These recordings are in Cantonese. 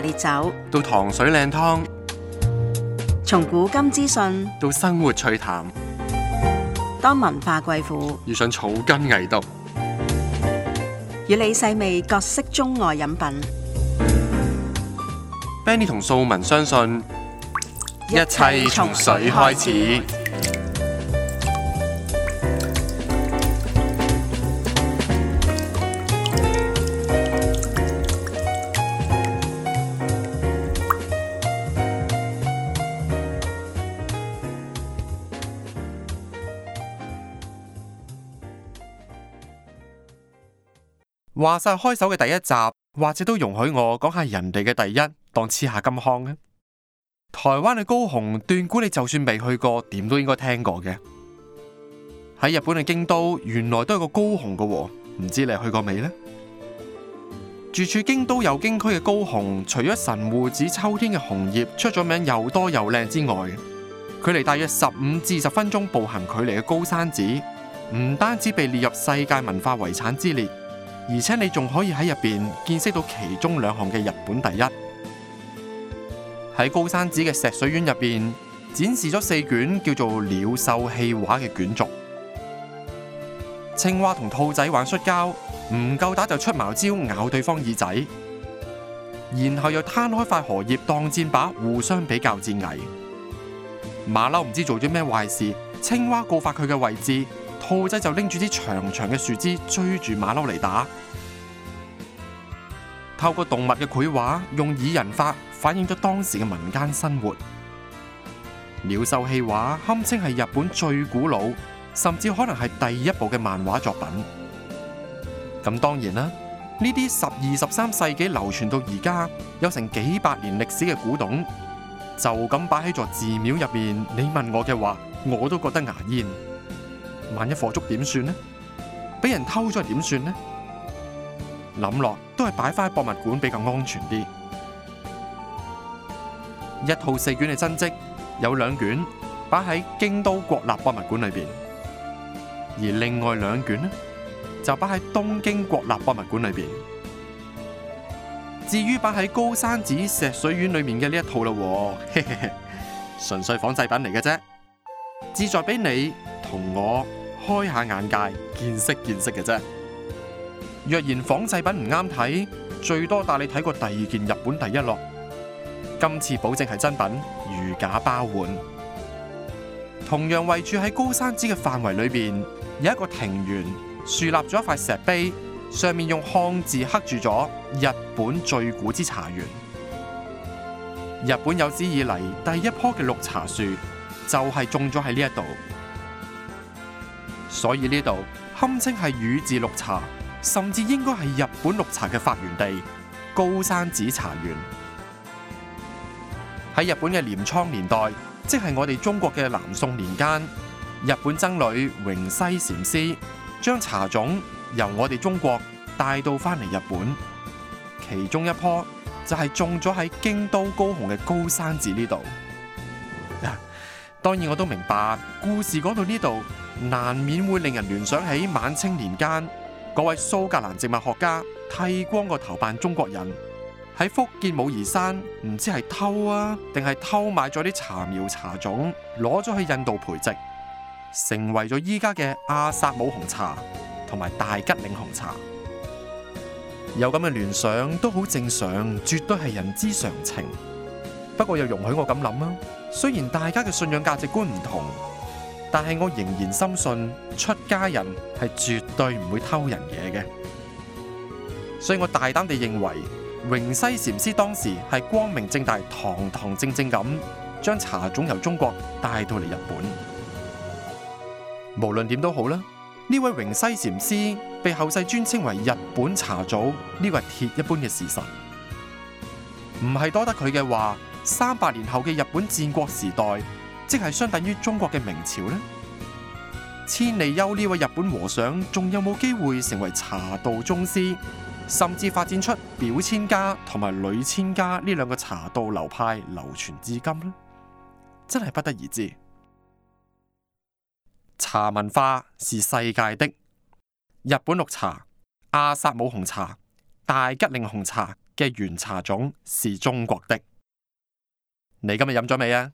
烈酒到糖水靚湯，從古今資訊到生活趣談，當文化貴婦遇上草根藝毒，與你細味各式中外飲品。 Benny 同素文相信，一切從水開始。話晒開首嘅第一集，或者都容許我講下人哋嘅第一，當切下金腔啊！台灣嘅高雄斷估你就算未去過，點都應該聽過嘅。喺日本嘅京都，原來都有個高雄嘅，唔知你去過未呢？住處京都右京區嘅高雄，除咗神護寺秋天嘅紅葉出咗名又多又靚之外，距離大約十五至十分鐘步行距離嘅高山寺，唔單止被列入世界文化遺產之列。而且你仲可以喺入邊見識到其中兩項嘅日本第一，喺高山寺嘅石水院入邊展示咗四卷叫做鳥獸戲畫嘅卷軸。青蛙同兔仔玩摔跤，唔夠打就出茅招咬對方耳仔，然後又攤開塊荷葉當箭靶，互相比較戰藝。馬騮唔知做咗咩壞事，青蛙告發佢嘅位置。兔仔就拎住啲長長嘅樹枝追住馬騮嚟打，透過動物嘅繪畫用擬人法反映咗當時嘅民間生活。鳥獸戲畫堪稱係日本最古老，甚至可能係第一部嘅漫畫作品。咁當然啦，呢啲十二、十三世紀流傳到而家有成幾百年歷史嘅古董，就咁擺喺座寺廟入面，你問我嘅話，我都覺得牙煙。萬一火燭點算呢？俾人偷咗點算呢？諗落都係擺翻喺博物館比較安全啲。一套四卷嘅真跡，有兩卷擺喺京都國立博物館裏邊，而另外兩卷呢，就擺喺東京國立博物館裏邊。至於擺喺高山寺石水院裏面嘅呢一套啦，嘿嘿，純粹仿製品嚟嘅啫，志在俾你同我，開下眼界，見識見識嘅啫。若然仿製品唔啱睇，最多帶你睇過第二件日本第一咯。今次保證係真品，如假包換。同樣圍住喺高山寺嘅範圍裏邊，有一個庭園，豎立咗一塊石碑，上面用漢字刻住咗“日本最古之茶園”。日本有史以嚟第一棵嘅綠茶樹，就係種咗喺呢一度。所以呢度堪稱係宇治綠茶，甚至應該係日本綠茶嘅發源地——高山寺茶園。喺日本嘅鐮倉年代，即係我哋中國嘅南宋年間，日本僧侶榮，榮西禪師將茶種由我哋中國帶到翻嚟日本，其中一棵就係種咗喺京都高雄嘅高山寺呢度。當然，我都明白故事講到呢度。難免會令人聯想起晚清年間嗰位蘇格蘭植物學家剃光個頭扮中國人，喺福建武夷山唔知係偷啊定係偷買咗啲茶苗茶種，攞咗去印度培植，成為咗依家嘅阿薩姆紅茶同埋大吉嶺紅茶。有咁嘅聯想都好正常，絕對係人之常情。不過又容許我咁諗啦，雖然大家嘅信仰價值觀唔同。但係我仍然深信出家人係絕對唔會偷人嘢嘅，所以我大膽地認為，榮西禪師當時係光明正大、堂堂正正咁將茶種由中國帶到嚟日本。無論點都好啦，呢位榮西禪師被後世尊稱為日本茶祖，呢個係鐵一般嘅事實，唔係多得佢嘅話，三百年後嘅日本戰國時代。即係相等於中國嘅明朝呢？千利休呢位日本和尚仲有冇機會成為茶道宗師，甚至發展出表千家同埋裏千家呢兩個茶道流派流傳至今呢？真係不得而知。茶文化是世界的，日本綠茶、阿薩姆紅茶、大吉嶺紅茶嘅原茶種是中國的。你今日飲咗未啊？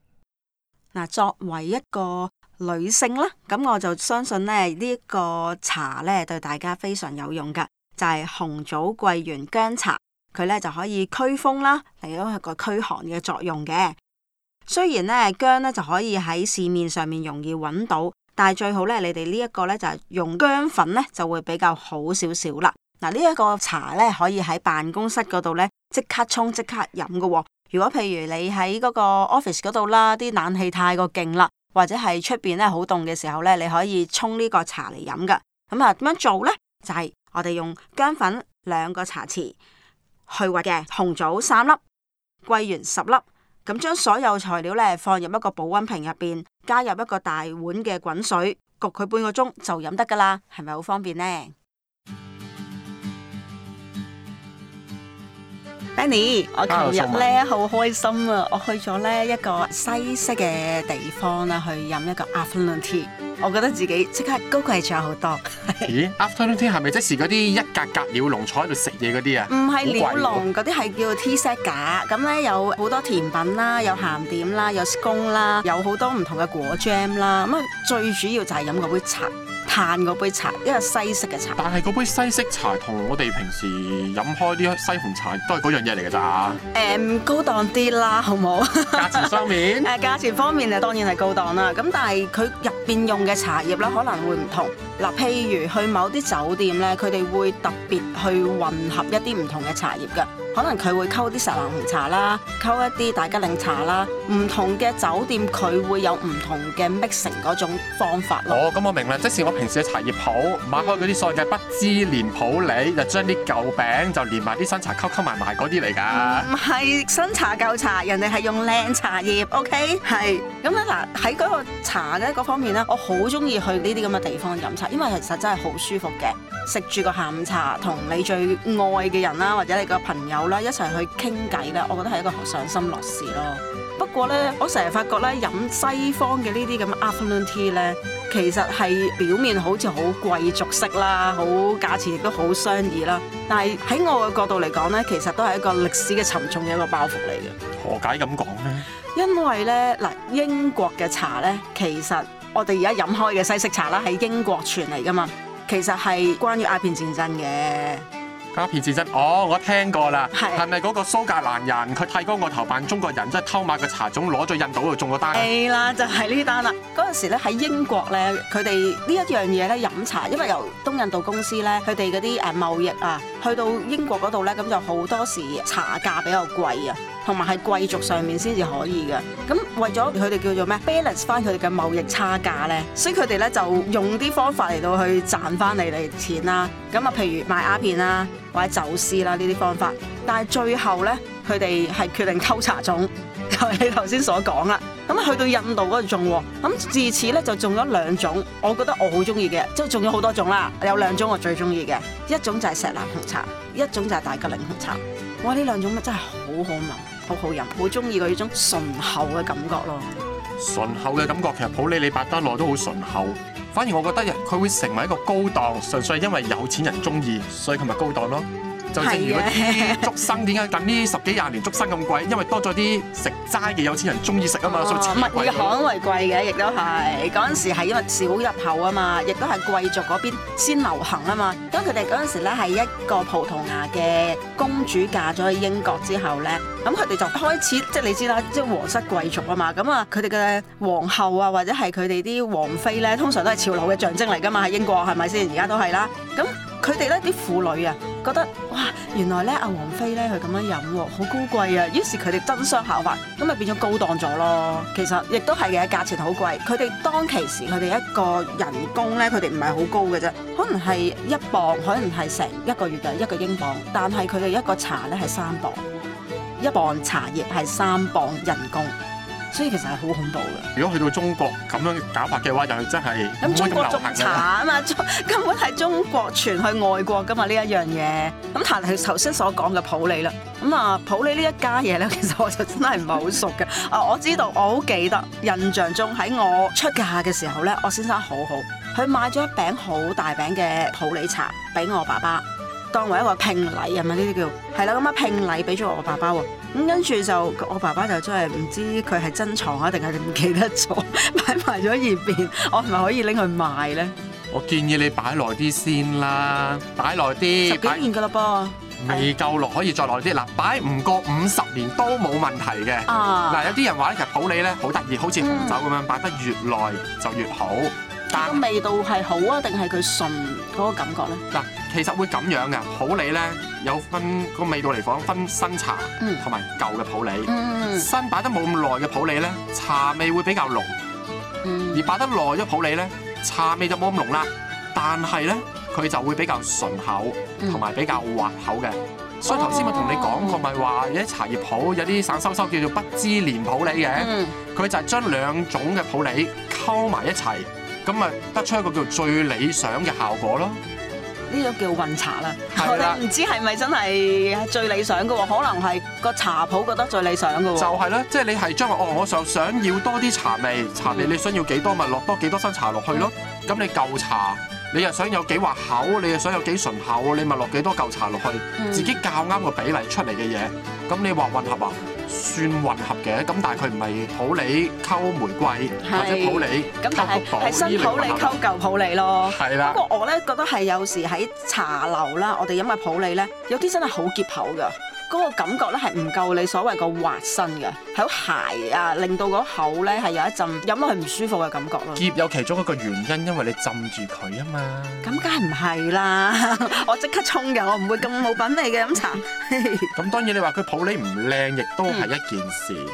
嗱，作為一個女性啦，咁我就相信咧呢個茶咧對大家非常有用噶，就係紅棗桂圓薑茶，佢咧就可以驅風啦，嚟到一個驅寒嘅作用嘅。雖然咧薑咧就可以喺市面上面容易揾到，但係最好咧你哋呢一個咧就係用薑粉咧就會比較好少少啦。嗱，呢一個茶咧可以喺辦公室嗰度咧即刻沖即刻飲噶喎。如果譬如你喺嗰個 office 嗰度啦，啲冷氣太過勁啦，或者係出邊咧好凍嘅時候咧，你可以沖呢個茶嚟飲噶。咁啊，點樣做呢？就係、是、我哋用薑粉兩個茶匙去核嘅，紅棗三粒，桂圓十粒，咁將所有材料咧放入一個保溫瓶入邊，加入一個大碗嘅滾水焗佢半個鐘就飲得噶啦，係咪好方便呢？Annie 我琴日咧好開心啊！我去咗咧一個西式嘅地方啦，去飲一個 Afternoon Tea。我覺得自己即刻高貴咗好多。 咦？Afternoon Tea 係咪即時嗰啲一格格鳥籠坐喺度食嘢嗰啲啊？唔係鳥籠嗰啲係叫 tea set 㗎。咁咧有好多甜品啦，有鹹點啦，有司康啦，有好多唔同嘅果醬啦。咁啊，最主要就係飲嗰杯茶。嘆嗰杯茶，因為西式嘅茶。但係嗰杯西式茶同我哋平時飲開啲西紅茶都係嗰樣嘢嚟㗎咋？誒、嗯，高檔啲啦，好唔好？價錢、， 啊、價錢方面，誒，價錢方面誒，當然係高檔啦。咁但係佢入邊用嘅茶葉咧，可能會唔同。嗱，譬如去某啲酒店咧，佢哋會特別去混合一啲唔同嘅茶葉嘅。可能佢會溝啲錫蘭紅茶啦，溝一啲大吉嶺茶啦，唔同嘅酒店佢會有唔同嘅 mixing 嗰種方法咯。哦，咁我明啦，即係我平時嘅茶葉鋪買開嗰啲所謂嘅不知年普洱，就將啲舊餅就連埋啲新茶溝溝埋埋嗰啲嚟噶。唔係、嗯、新茶舊茶，人哋係用靚茶葉，OK？係是。咁咧嗱，喺嗰個茶嘅嗰方面咧，我好中意去呢啲咁嘅地方飲茶，因為其實真係好舒服嘅。食住個下午茶，同你最愛嘅人啦，或者你個朋友啦，一齊去傾偈咧，我覺得係一個上心樂事咯。不過咧，我成日發覺咧，飲西方嘅呢啲咁嘅 afternoon tea 咧，其實係表面好似好貴族式啦，好價錢亦都好相宜啦。但係喺我嘅角度嚟講咧，其實都係一個歷史嘅沉重嘅一個包袱嚟嘅。何解咁講咧？因為咧嗱，英國嘅茶咧，其實我哋而家飲開嘅西式茶啦，喺英國傳嚟㗎嘛。其實係關於鴉片戰爭嘅。鴉片其實，哦，我聽過啦，係咪嗰個蘇格蘭人佢剃光個頭扮中國人，即係偷買個茶種攞咗印度度種個單？係啦，就係、是、呢單啦。嗰陣時咧喺英國咧，佢哋呢一樣嘢咧飲茶，因為由東印度公司咧佢哋嗰啲誒貿易啊，去到英國嗰度咧，咁就好多時茶價比較貴啊，同埋係貴族上面先至可以嘅。咁為咗佢哋叫做咩？balance 翻佢哋嘅貿易差價咧，所以佢哋咧就用啲方法嚟到去賺翻你哋錢啦。咁啊，譬如賣鴉片啦。或者走私啦，呢啲方法，但係最後咧，佢哋係決定偷茶種，就係、是、你頭先所講啦。咁啊，去到印度嗰度種，咁自此咧就種咗兩種。我覺得我好中意嘅，即係種咗好多種啦，有兩種我最中意嘅，一種就係錫蘭紅茶，一種就係大吉嶺紅茶。哇，呢兩種真係好好聞，好好飲，好中意嗰種醇厚嘅感覺咯。醇厚嘅感覺，其實普洱你白丹來都好醇厚。反而我覺得佢會成為一個高檔，純粹係因為有錢人中意，所以佢咪高檔咯。即係嗰啲竹笙點解等呢十幾廿年竹笙咁貴？因為多咗啲食齋嘅有錢人中意食啊嘛，所以物以、哦、罕為貴嘅，亦都係嗰陣時係因為少入口啊嘛，亦都係貴族嗰邊先流行啊嘛。咁佢哋嗰陣時咧係一個葡萄牙嘅公主嫁咗去英國之後咧，咁佢哋就開始即係你知啦，即係皇室貴族啊嘛。咁啊，佢哋嘅皇后啊，或者係佢哋啲皇妃咧，通常都係潮流嘅象徵嚟㗎嘛。喺英國係咪先？而家都係啦。咁佢哋咧啲婦女啊，覺得哇，原來咧阿王妃咧佢咁樣飲，好高貴啊！於是佢哋爭相效法，咁咪變咗高檔咗咯。其實亦都係嘅，價錢好貴。佢哋當其時佢哋一個人工咧，佢哋唔係好高嘅啫，可能係一磅，可能係成一個月嘅一個英鎊。但係佢哋一個茶咧係三磅，一磅茶葉係三磅人工。所以其實係好恐怖嘅。如果去到中國咁樣搞法嘅話，就真係唔會咁流行嘅。咁中國續茶啊嘛，根本係中國傳去外國噶嘛呢一樣嘢。咁但係頭先所講嘅普洱啦，咁啊普洱呢一家嘢咧，其實我就真係唔係好熟嘅。啊， 我知道，我好記得，印象中喺我出嫁嘅時候咧，我先生好好，佢買咗一餅好大餅嘅普洱茶俾我爸爸當為一個聘禮啊嘛，呢啲叫係啦，咁啊聘禮俾咗我爸爸喎。咁跟住就我爸爸就真係唔知佢係珍藏啊定係唔記得咗，擺埋咗一邊，我係咪可以拎去賣咧？我建議你擺耐啲先啦，擺耐啲。十幾年噶啦噃，未夠耐可以再耐啲。嗱，擺唔過五十年都冇問題嘅。嗱、啊，有啲人話咧，其實普洱咧好得意，好似紅酒咁樣，擺、嗯、得越耐就越好。但個味道係好啊，定係佢醇？嗰個感覺咧嗱，其實會咁樣嘅，普洱咧，有分個味道嚟講，分新茶同埋舊嘅普洱。嗯、新擺得冇咁耐嘅普洱咧，茶味會比較濃；嗯、而擺得耐咗普洱咧，茶味就冇咁濃啦。但係咧，佢就會比較順口，同埋比較滑口嘅。嗯、所以頭先咪同你講過，咪話、嗯、有啲茶葉鋪有啲散收收叫做不知年普洱嘅，佢、嗯嗯嗯、就係將兩種嘅普洱溝埋一齊。咁咪得出一個叫最理想嘅效果咯？呢個叫混茶啦，對了 我哋唔知係咪真係最理想嘅喎？可能係個茶鋪覺得最理想嘅喎。就係啦，即係你係將話哦，我就想要多啲茶味，茶味你想要幾多咪落、嗯、多幾多新茶落去咯。咁、嗯、你舊茶，你又想有幾滑口，你又想有幾順口，你咪落幾多舊茶落去，自己校啱個比例出嚟嘅嘢。咁你話混合啊？算混合嘅，咁但係佢唔係普洱溝玫瑰，是或者普洱溝薄荷，係新普洱溝舊普洱咯。係啦的，不過我咧覺得係有時喺茶樓啦，我哋飲嘅普洱咧，有啲真係好澀口㗎。嗰個感覺咧係唔夠你所謂個滑身嘅，喺鞋啊，令到嗰口咧係有一陣飲落去唔舒服嘅感覺咯。澀有其中一個原因，因為你浸住佢啊嘛。咁梗係唔係啦？ 我即刻沖嘅，我唔會咁冇品味嘅飲茶。咁 當然你話佢普洱唔靚，亦都係一件事。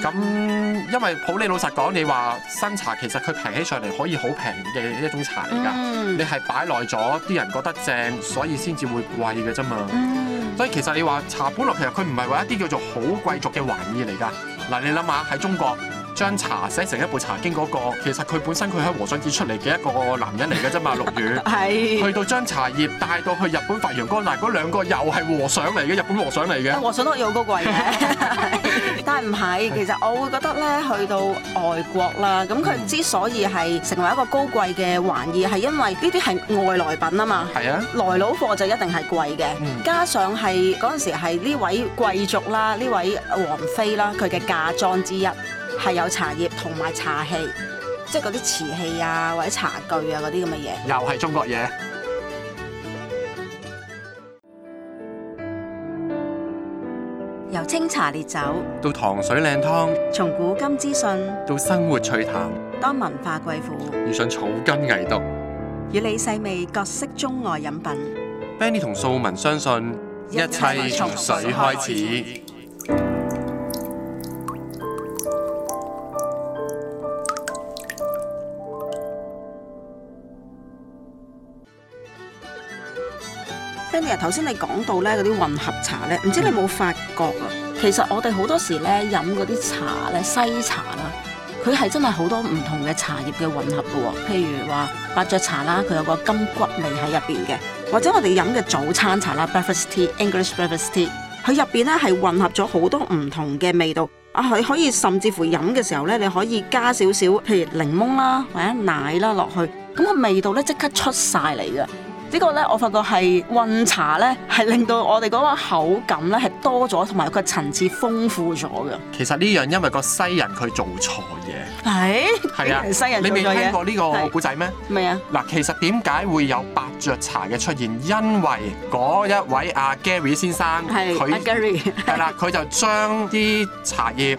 咁、嗯、因為普洱老實講，你話新茶其實佢平起上嚟可以好平嘅一種茶嚟噶。嗯、你係擺耐咗，啲人覺得正，所以先至會貴嘅啫嘛。嗯所以其實你話茶本來其實佢唔係話一啲叫做好貴族嘅玩意嚟㗎，嗱，你諗下喺中國。將茶寫成一部茶經嗰個，其實佢本身佢喺和尚寺出嚟嘅一個男人嚟嘅啫嘛。陸羽係去到將茶葉帶到去日本發揚光大，嗰兩個又係和尚嚟嘅，日本和尚嚟嘅。和尚都有高貴嘅， 但係唔係其實我會覺得咧，去到外國啦，咁佢之所以係成為一個高貴嘅玩意，係因為呢啲係外來品啊嘛。係啊，來佬貨就一定係貴嘅， 加上係嗰陣時係呢位貴族啦，呢位王妃啦，佢嘅嫁妝之一。係有茶葉同埋茶器，即係嗰啲瓷器啊，或者茶具啊嗰啲咁嘅嘢，又係中國嘢。由清茶烈酒到糖水靚湯，從古今資訊到生活趣談，當文化貴婦遇上草根藝毒，與你細味各式中外飲品。Benny 同素文相信一切從水開始。頭先你講到咧嗰啲混合茶咧，唔知，嗯，你有冇發覺啊？其實我哋好多時咧飲嗰啲茶咧，西茶啦，佢係真係好多唔同嘅茶葉嘅混合嘅喎、哦。譬如話伯爵茶啦，佢有個金骨味喺入邊嘅；或者我哋飲嘅早餐茶啦 （breakfast tea）、English breakfast tea，佢入邊咧係混合咗好多唔同嘅味道啊！佢可以甚至乎飲嘅時候咧，你可以加少少，譬如檸檬啦，或者奶啦落去，咁個味道咧即刻出晒嚟嘅。呢個咧，我發覺係混茶咧，係令到我哋嗰個口感咧係多咗，同埋個層次豐富咗嘅。其實呢樣因為個西人佢做錯嘢，係係是啊西人，你未聽過呢個古仔咩？咩啊是？嗱麼，其實點解會有伯爵茶嘅出現？因為嗰一位阿 Gary 先生，佢係是他、啊、Gary，係 啦，佢就將啲茶葉。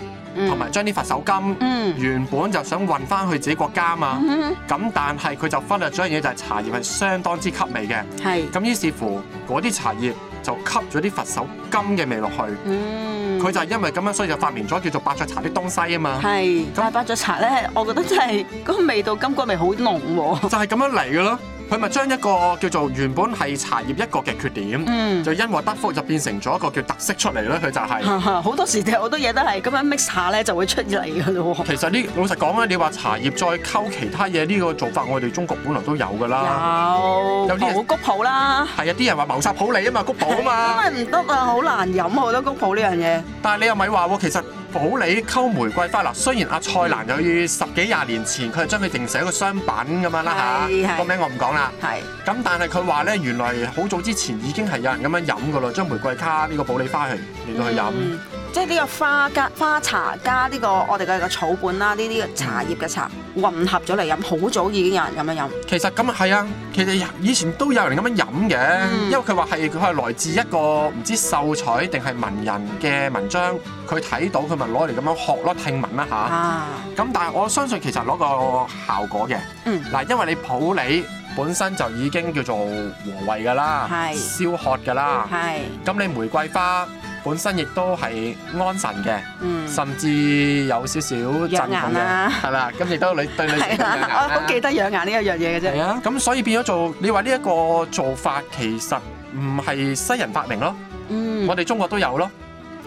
同埋將啲佛手柑，嗯、原本就想運翻去自己國家啊嘛，咁、嗯、但係佢就忽略咗一樣嘢，就係茶葉係相當之吸味嘅，咁是於是乎嗰啲茶葉就吸咗啲佛手柑嘅味落去，佢、嗯、就係因為咁樣所以就發明咗叫做伯爵茶啲東西啊嘛，是那但係伯爵茶咧，我覺得真係嗰個味道金剛味好濃喎、啊，就係咁樣嚟嘅咯。佢咪將一個叫做原本係茶葉一個嘅缺點，嗯、就因禍得福，就變成咗一個叫特色出嚟咯。佢就係、係、好多時，好多嘢都係咁樣 mix 下咧，就會出嚟噶咯。其實呢，老實講咧，你話茶葉再溝其他嘢呢、呢個做法，我哋中國本來都有噶啦。有有啲人好谷普啦。係啊，啲人話謀殺普洱啊嘛，谷普啊嘛。 因為唔得啊，好難飲好多谷普呢樣嘢。但係你又咪話喎，其實。保利溝玫瑰花啦，雖然阿蔡蘭又要十幾廿年前，佢係將佢定成一個商品咁樣啦嚇，個名我唔講啦。係是，咁但係佢話咧，原來好早之前已經係有人咁樣飲噶啦，將玫瑰卡呢、這個保利花嚟嚟到佢飲。嗯即係呢個花加花茶加呢個我哋嘅個草本啦、啊，呢啲茶葉嘅茶混合咗嚟飲，好早已經有人咁樣飲。其實咁啊係啊，其實以前都有人咁樣飲嘅，嗯、因為佢話係佢係來自一個唔知秀才定係文人嘅文章，佢睇到佢咪攞嚟咁樣學咯，聽聞啦。吓，咁但係我相信其實攞個效果嘅，嗱、嗯、因為你普洱本身就已經叫做和胃噶啦，消是渴噶啦，咁你玫瑰，瑰花。本身亦都係安神嘅，甚至有少少養顏啦，係啦。咁亦都你對你好記得養顏呢個樣嘢嘅啫。咁所以變咗做你話呢一個做法，其實唔係西人發明咯，我哋中國都有咯。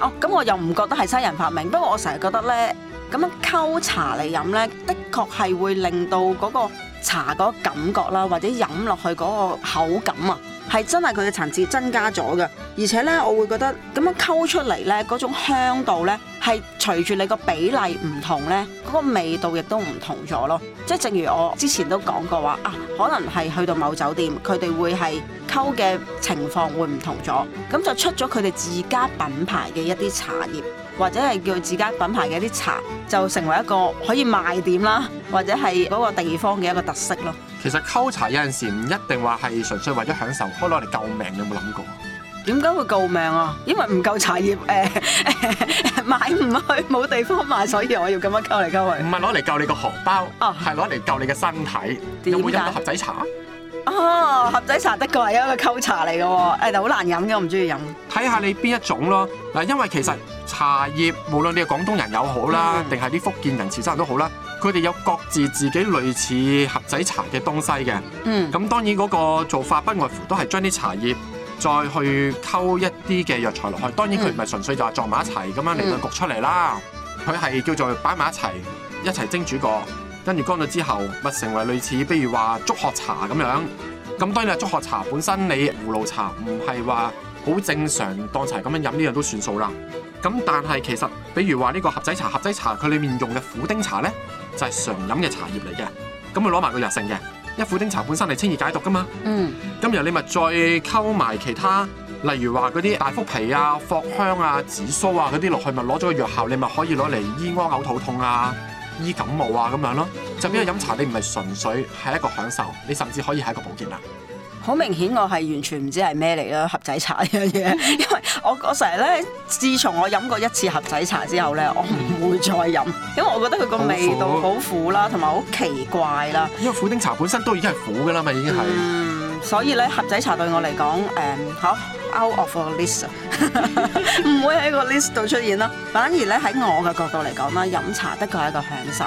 哦，咁我又唔覺得係西人發明，不過我成日覺得咧，咁樣溝茶嚟飲咧，的確係會令到嗰個茶嗰個感覺啦，或者飲落去嗰個口感啊。係真係佢嘅層次增加咗嘅。而且呢，我會覺得咁樣溝出嚟呢，嗰種香度呢，係隨住你個比例唔同呢，嗰個味道亦都唔同咗咯。即係正如我之前都講過話啊，可能係去到某酒店，佢哋會係溝嘅情況會唔同咗，咁就出咗佢哋自家品牌嘅一啲茶葉，或者係叫自家品牌嘅一啲茶，就成為一個可以賣點啦，或者係嗰個地方嘅一個特色咯。其實溝茶有陣時唔一定話係純粹為咗享受，可攞嚟救命，有冇諗過？點解會救命啊？因為唔夠茶葉誒、欸欸、買唔去，冇地方買，所以我要咁樣溝嚟溝去。唔係攞嚟救你個荷包，係攞嚟救你嘅身體。有冇飲到盒仔茶？哦，盒仔茶的確係一個溝茶嚟嘅，誒，但好難飲嘅，我唔中意飲。睇下你邊一種咯。嗱，因為其實茶葉無論你係廣東人又好啦，定係啲福建人潮州人都好啦。佢哋有各自自己類似盒仔茶嘅東西嘅，嗯，咁當然嗰個做法不外乎都係將啲茶葉再去溝一啲嘅藥材落去。當然佢唔係純粹就係撞埋一齊咁樣嚟到焗出嚟啦。佢係、嗯、叫做擺埋一齊一齊蒸煮過，跟住乾咗之後咪成為類似，比如話竹殼茶咁樣。咁當然竹殼茶本身你葫蘆茶唔係話好正常當茶咁樣飲呢樣都算數啦。咁但係其實，比如話呢個盒仔茶，盒仔茶佢裡面用嘅苦丁茶咧。就係常飲嘅茶葉嚟嘅，咁咪攞埋個藥性嘅，一苦丁茶本身係清熱解毒噶嘛，咁由、嗯、你咪再溝埋其他，例如話嗰啲大腹皮啊、藿香啊、紫蘇啊嗰啲落去，咪攞咗個藥效，你咪可以攞嚟醫屙嘔、肚痛啊、醫感冒啊咁樣咯。就因為飲茶，你唔係純粹係一個享受，你甚至可以係一個保健啦、啊。好明顯，我係完全唔知係咩嚟啦。盒仔茶呢樣嘢， 因為我我成日咧，自從我飲過一次盒仔茶之後咧，我唔會再飲，因為我覺得佢個味道好苦啦，同埋好奇怪啦。因為苦丁茶本身都已經係苦噶啦嘛，已經係。嗯所以咧，盒仔茶對我嚟講，誒、um, 好 out of a list，唔 會喺個 list 度出現咯。反而咧喺我嘅角度嚟講啦，飲茶的確係一個享受，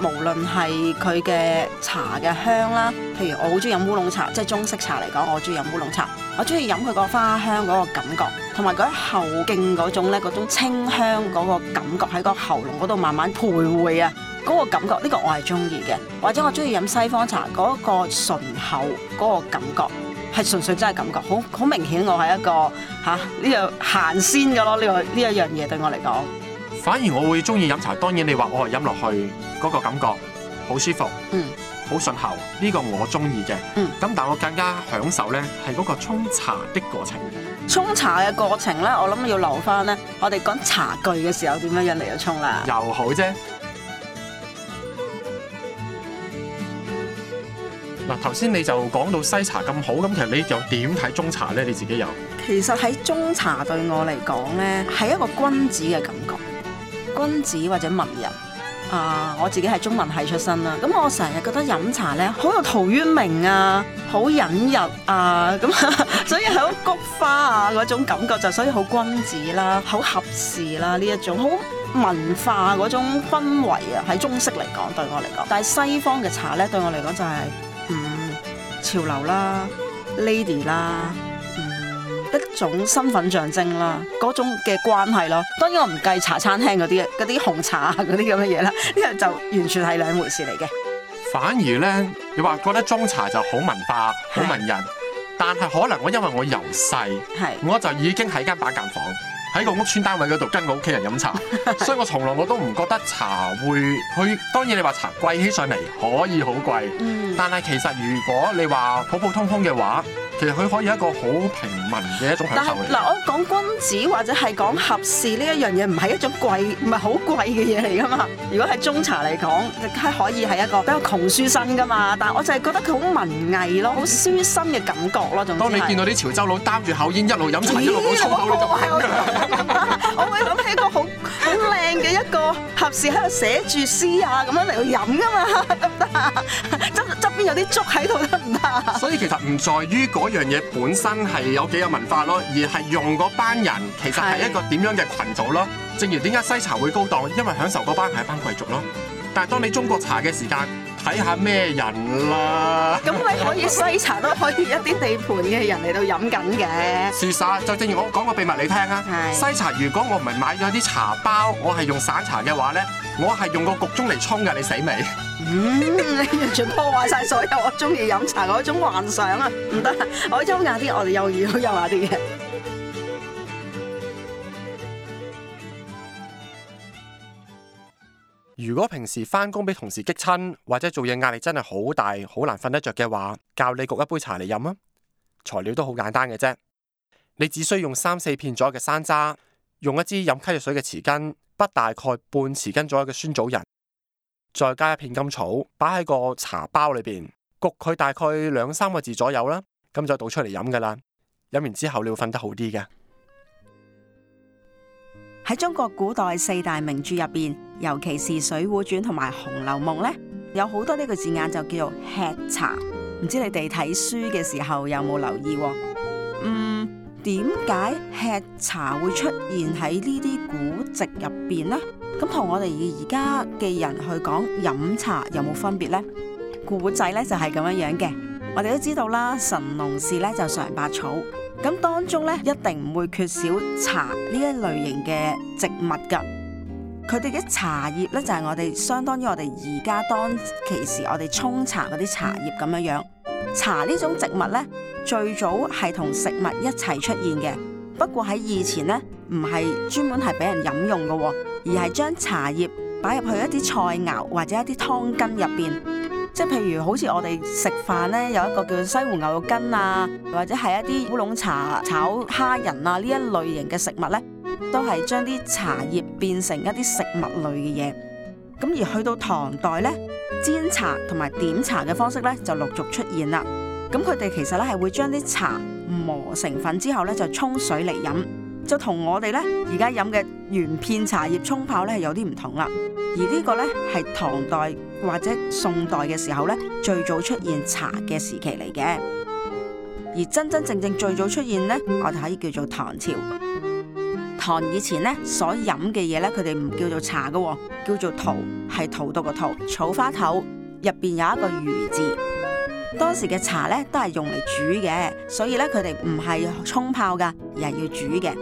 無論係佢嘅茶嘅香啦，譬如我好中意飲烏龍茶，即係中式茶嚟講，我中意飲烏龍茶，我中意飲佢個花香嗰個感覺，同埋佢啲後勁嗰種咧，嗰種清香嗰個感覺喺個喉嚨嗰度慢慢徘徊啊。嗰個感覺，呢、這個我係中意嘅，或者我中意飲西方茶嗰、那個醇厚嗰個感覺，係純粹真係感覺，好好明顯。我係一個嚇呢、啊這個鹹鮮嘅咯，呢、這個呢一樣嘢對我嚟講。反而我會中意飲茶，當然你話我係飲落去嗰、那個感覺好舒服，嗯，好順喉，呢、這個我中意嘅，嗯。咁但係我更加享受咧，係嗰個沖茶的過程。沖茶嘅過程咧，我諗要留翻咧，我哋講茶具嘅時候點樣樣嚟到沖啦，又好啫。嗱，頭先你就講到西茶咁好，咁其實你又點睇中茶呢？你自己有？其實喺中茶對我嚟講呢，係一個君子嘅感覺，君子或者文人啊，我自己係中文系出身啦。咁我成日覺得飲茶呢，好有陶淵明啊，好隱逸啊，咁、啊、 所以好菊花啊嗰種感覺就，所以好君子啦、啊，好合時啦呢一種，好文化嗰種氛圍啊，喺中式嚟講對我嚟講，但係西方嘅茶呢，對我嚟講就係、是。嗯，潮流啦，lady 啦、嗯，一種身份象徵啦，嗰種嘅關係咯。當然我唔計茶餐廳嗰啲，嗰啲紅茶嗰啲咁嘅嘢啦，呢、這個、就完全係兩回事嚟嘅。反而咧，你話覺得中茶就好文化，好文人，是啊、但係可能我因為我由細，係是、啊、我就已經喺間板間房。喺個屋邨單位嗰度跟我屋企人飲茶， 所以我從來我都唔覺得茶會去，佢當然你話茶貴起上嚟可以好貴，但係其實如果你話普普通通嘅話。其實佢可以一個好平民嘅一種享受嚟。嗱，我講君子或者係講合事呢一樣嘢，唔係一種貴，唔係好貴嘅嘢嚟噶嘛。如果係中茶嚟講，亦係可以係一個比較窮書生噶嘛。但係我就係覺得佢好文藝咯，好書生嘅感覺咯，仲。當你見到啲潮州佬擔住口煙，一路飲茶，一路沖口，我會諗起一個好好靚嘅一個合事喺度寫住詩啊，咁樣嚟到飲噶嘛。得唔得？邊有啲粥喺度都唔得。所以其實唔在於嗰樣嘢本身係有幾有文化咯，而係用嗰班人其實係一個點樣嘅群組咯。是正如點解西茶會高檔，因為享受嗰班係一班，班貴族咯。但係當你中國茶嘅時間，睇下咩人啦。咁咪可以西茶都可以一啲地盤嘅人嚟到飲緊嘅。 事實就正如我講個秘密你聽啊。是西茶如果我唔係買咗啲茶包，我係用散茶嘅話咧。我係用個焗盅嚟沖噶，你死未？嗯，你完全破壞晒所有我中意飲茶嗰 種幻想啊！唔得，我優雅啲，我哋優雅，好優雅啲嘅。如果平時返工俾同事激親，或者做嘢壓力真係好大，好難瞓得着嘅話，教你焗一杯茶嚟飲啊！材料都好簡單嘅啫，你只需要用三四片左右嘅山楂，用一支飲咳藥水嘅匙羹。不大概半匙羹左右嘅酸棗仁，再加一片甘草，擺喺個茶包裏邊，焗佢大概兩三個字左右啦，咁就倒出嚟飲噶啦。飲完之後你會瞓得好啲嘅。喺中國古代四大名著入邊，尤其是《水滸傳》同埋《紅樓夢》呢，有好多呢個字眼就叫做吃茶，唔知你哋睇書嘅時候有冇留意喎？點解吃茶會出現喺呢啲古籍入邊呢？咁同我哋而家嘅人去講飲茶有冇分別呢？古仔咧就係咁樣樣嘅。我哋都知道啦，神農氏咧就嘗百草，咁當中咧一定唔會缺少茶呢一類型嘅植物噶。佢哋嘅茶葉咧就係我哋相當於我哋而家當其時我哋沖茶嗰啲茶葉咁樣樣。茶呢種植物咧。最早係同食物一齊出現嘅，不過喺以前呢，唔係專門係俾人飲用嘅，而係將茶葉擺入去一啲菜肴或者一啲湯羹入邊，即係譬如好似我哋食飯呢，有一個叫西湖牛肉羹啊，或者係一啲烏龍茶炒蝦仁啊呢一類型嘅食物呢，都係將啲茶葉變成一啲食物類嘅嘢。咁而去到唐代呢，煎茶同埋點茶嘅方式呢，就陸續出現啦。咁佢哋其實咧，係會將啲茶磨成粉之後咧，就沖水嚟飲，就同我哋咧而家飲嘅原片茶葉沖泡咧有啲唔同啦。而呢個咧，係唐代或者宋代嘅時候咧最早出現茶嘅時期嚟嘅。而真真正正最早出現咧，我哋可以叫做唐朝。唐以前咧所飲嘅嘢咧，佢哋唔叫做茶噶，叫做荼，係荼毒嘅荼。草花頭入邊有一個魚字。當時嘅茶咧都係用嚟煮嘅，所以咧佢哋唔係沖泡㗎，而係要煮嘅。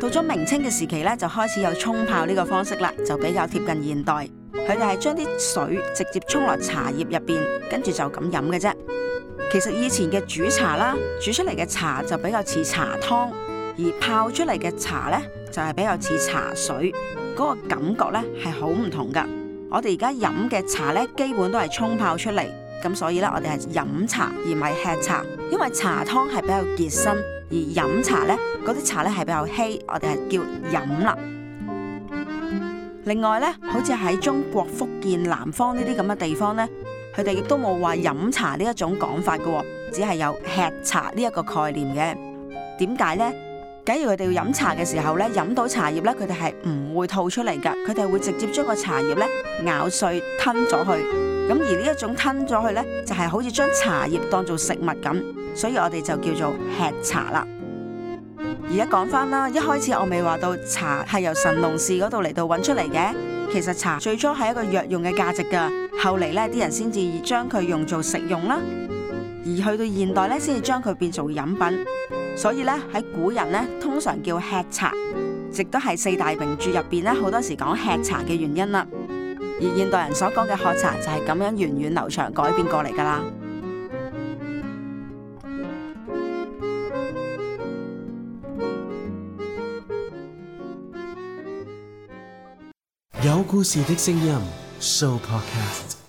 到咗明清嘅時期咧，就開始有沖泡呢個方式啦，就比較貼近現代。佢哋係將啲水直接沖落茶葉入邊，跟住就咁飲嘅啫。其實以前嘅煮茶啦，煮出嚟嘅茶就比較似茶湯，而泡出嚟嘅茶咧就係比較似茶水，嗰個感覺咧係好唔同㗎。我哋而家飲嘅茶咧，基本都係沖泡出嚟。咁所以咧，我哋係飲茶而唔係吃茶，因為茶湯係比較結身，而飲茶咧嗰啲茶咧係比較稀，我哋係叫飲啦。另外咧，好似喺中國福建南方呢啲咁嘅地方咧，佢哋亦都冇話飲茶呢一種講法嘅，只係有吃茶呢一個概念嘅。點解咧？假如佢哋要飲茶嘅時候咧，飲到茶葉咧，佢哋係唔會吐出嚟㗎，佢哋會直接將個茶葉咧咬碎吞咗去。咁而呢一種吞咗去呢，就係好似將茶葉當做食物咁，所以我哋就叫做吃茶啦。而家講返啦，一開始我未話到茶係由神農氏嗰度嚟到揾出嚟嘅，其實茶最初係一個藥用嘅價值㗎，後嚟呢啲人先至將佢用做食用啦，而去到現代呢，先至將佢變做飲品，所以呢，喺古人呢，通常叫吃茶，亦都係四大名著入邊呢，好多時講吃茶嘅原因啦。而現代人所講嘅喝茶就係咁樣源遠流長改變過嚟㗎啦。有故事嘅聲音，Show Podcast。